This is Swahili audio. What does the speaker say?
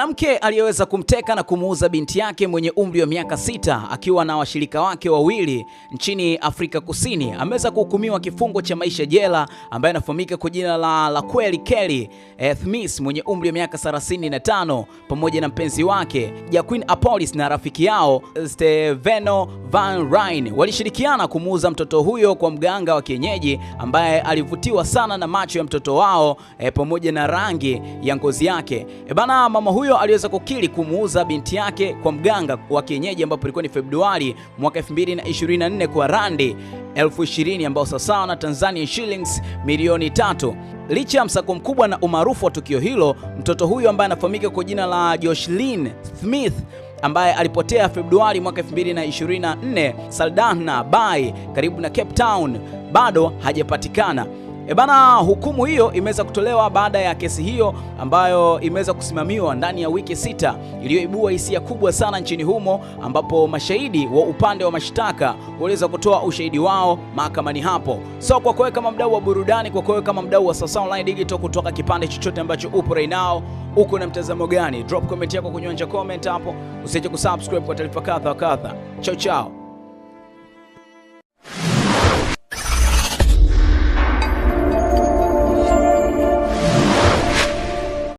Mwanamke aliyeweza kumteka na kumuuza binti yake mwenye umri wa miaka sita akiwa na washirika wake wawili nchini Afrika Kusini ameweza kuhukumiwa kifungo cha maisha jela, ambaye anafahamika kwa jina la Laquelle Kelly eh, Smith mwenye umri wa miaka 35 pamoja na mpenzi wake Jacqueline Apolis na rafiki yao Steveno Van Ryn walishirikiana kumuuza mtoto huyo kwa mganga wa kienyeji ambaye alivutiwa sana na macho ya mtoto wao e, pamoja na rangi ya ngozi yake. E, bana mama huyo aliweza kukiri kumuuza binti yake kwa mganga wa kienyeji ambapo ilikuwa ni Februari mwaka 2024 kwa randi elfu ishirini ambao sawasawa na Tanzania shillings milioni tatu. Licha ya msako mkubwa na umaarufu wa tukio hilo, mtoto huyo ambaye anafahamika kwa jina la Joshlin Smith ambaye alipotea Februari mwaka 2024 Saldanha Bay karibu na Cape Town bado hajapatikana. E bana, hukumu hiyo imeweza kutolewa baada ya kesi hiyo ambayo imeweza kusimamiwa ndani ya wiki sita iliyoibua hisia kubwa sana nchini humo, ambapo mashahidi wa upande wa mashtaka waliweza kutoa ushahidi wao mahakamani hapo. So kwa kwewe kama mdau wa burudani, kwa kwewe kama mdau wa sasa Online Digital, kutoka kipande chochote ambacho upo right now, uko na mtazamo gani? Drop comment yako kwenye uwanja comment hapo, usije kusubscribe kwa taarifa kadha kadha. Chao chao.